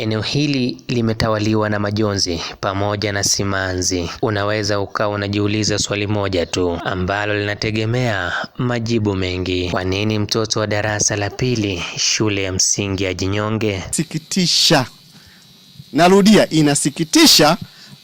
Eneo hili limetawaliwa na majonzi pamoja na simanzi. Unaweza ukawa unajiuliza swali moja tu ambalo linategemea majibu mengi. Kwa nini mtoto wa darasa la pili shule ya msingi ya Jinyonge? Sikitisha. Narudia, inasikitisha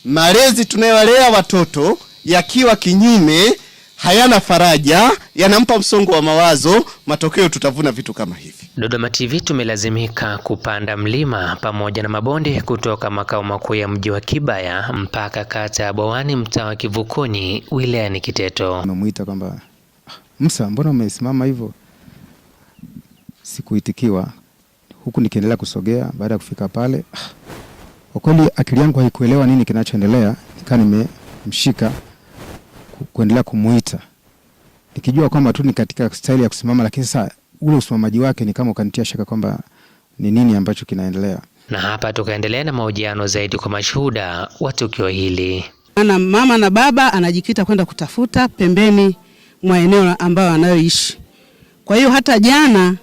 malezi tunayowalea watoto yakiwa kinyume hayana faraja, yanampa msongo wa mawazo. Matokeo tutavuna vitu kama hivi. Dodoma TV tumelazimika kupanda mlima pamoja na mabonde kutoka makao makuu ya mji wa Kibaya mpaka kata ya Bwawani, mtaa wa Kivukoni, wilayani Kiteto. Nimemwita kwamba Musa, mbona umesimama hivyo? Sikuitikiwa, huku nikiendelea kusogea. Baada ya kufika pale, ah, kwa kweli akili yangu haikuelewa nini kinachoendelea, nikaa nimemshika kuendelea kumuita nikijua kwamba tu ni katika staili ya kusimama, lakini sasa ule usimamaji wake ni kama ukanitia shaka kwamba ni nini ambacho kinaendelea. Na hapa tukaendelea na mahojiano zaidi kwa mashuhuda wa tukio hili. Ana mama na baba anajikita kwenda kutafuta pembeni mwa eneo ambayo anayoishi. Kwa hiyo hata jana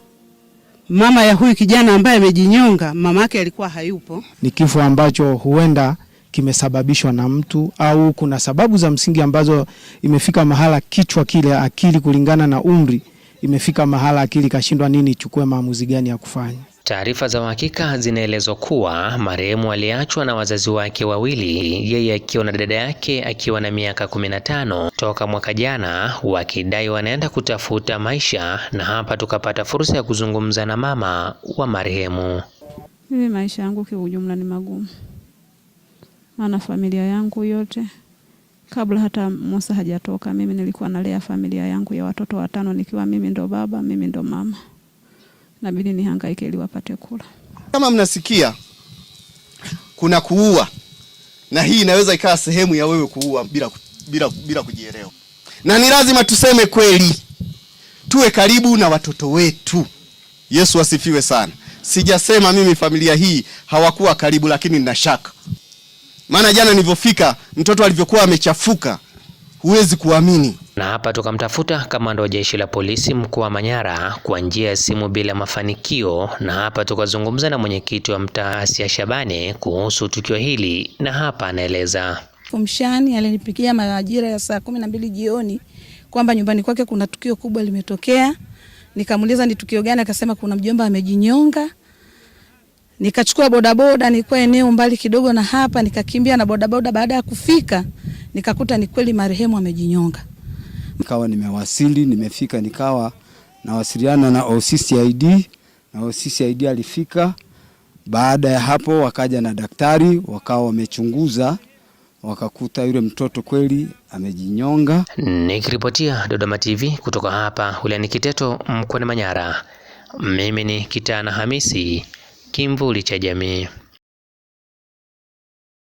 mama ya huyu kijana ambaye amejinyonga, mama yake alikuwa hayupo. Ni kifo ambacho huenda kimesababishwa na mtu au kuna sababu za msingi ambazo imefika mahala kichwa kile, akili kulingana na umri imefika mahala akili kashindwa nini ichukue maamuzi gani ya kufanya. Taarifa za uhakika zinaelezwa kuwa marehemu aliachwa na wazazi wake wawili, yeye akiwa na dada yake akiwa na miaka 15 toka mwaka jana, wakidai wanaenda kutafuta maisha, na hapa tukapata fursa ya kuzungumza na mama wa marehemu. Mimi maisha yangu ujumla ni magumu maana familia yangu yote kabla hata Musa hajatoka, mimi nilikuwa nalea familia yangu ya watoto watano, nikiwa mimi ndo baba, mimi ndo mama, nabidi nihangaike ili wapate kula. Kama mnasikia kuna kuua, na hii inaweza ikawa sehemu ya wewe kuua bila, bila, bila kujielewa, na ni lazima tuseme kweli, tuwe karibu na watoto wetu. Yesu asifiwe sana. Sijasema mimi familia hii hawakuwa karibu, lakini nina shaka maana jana nilivyofika mtoto alivyokuwa amechafuka huwezi kuamini. Na hapa tukamtafuta kamanda wa jeshi la polisi mkoa wa Manyara kwa njia ya simu bila mafanikio, na hapa tukazungumza na mwenyekiti wa mtaa Asia Shabani kuhusu tukio hili, na hapa anaeleza. Kumshani alinipigia majira ya saa kumi na mbili jioni kwamba nyumbani kwake kuna tukio kubwa limetokea. Nikamuuliza ni tukio gani, akasema kuna mjomba amejinyonga Nikachukua bodaboda, nilikuwa eneo mbali kidogo na hapa, nikakimbia na bodaboda. Baada ya kufika, nikakuta ni kweli marehemu amejinyonga. Nikawa nimewasili, nimefika, nikawa nawasiliana na OCCID na OCCID alifika. Baada ya hapo, wakaja na daktari, wakawa wamechunguza wakakuta yule mtoto kweli amejinyonga. Nikiripotia Dodoma TV kutoka hapa wilayani Kiteto mkoani Manyara, mimi ni Kitana Hamisi kimvuli cha jamii.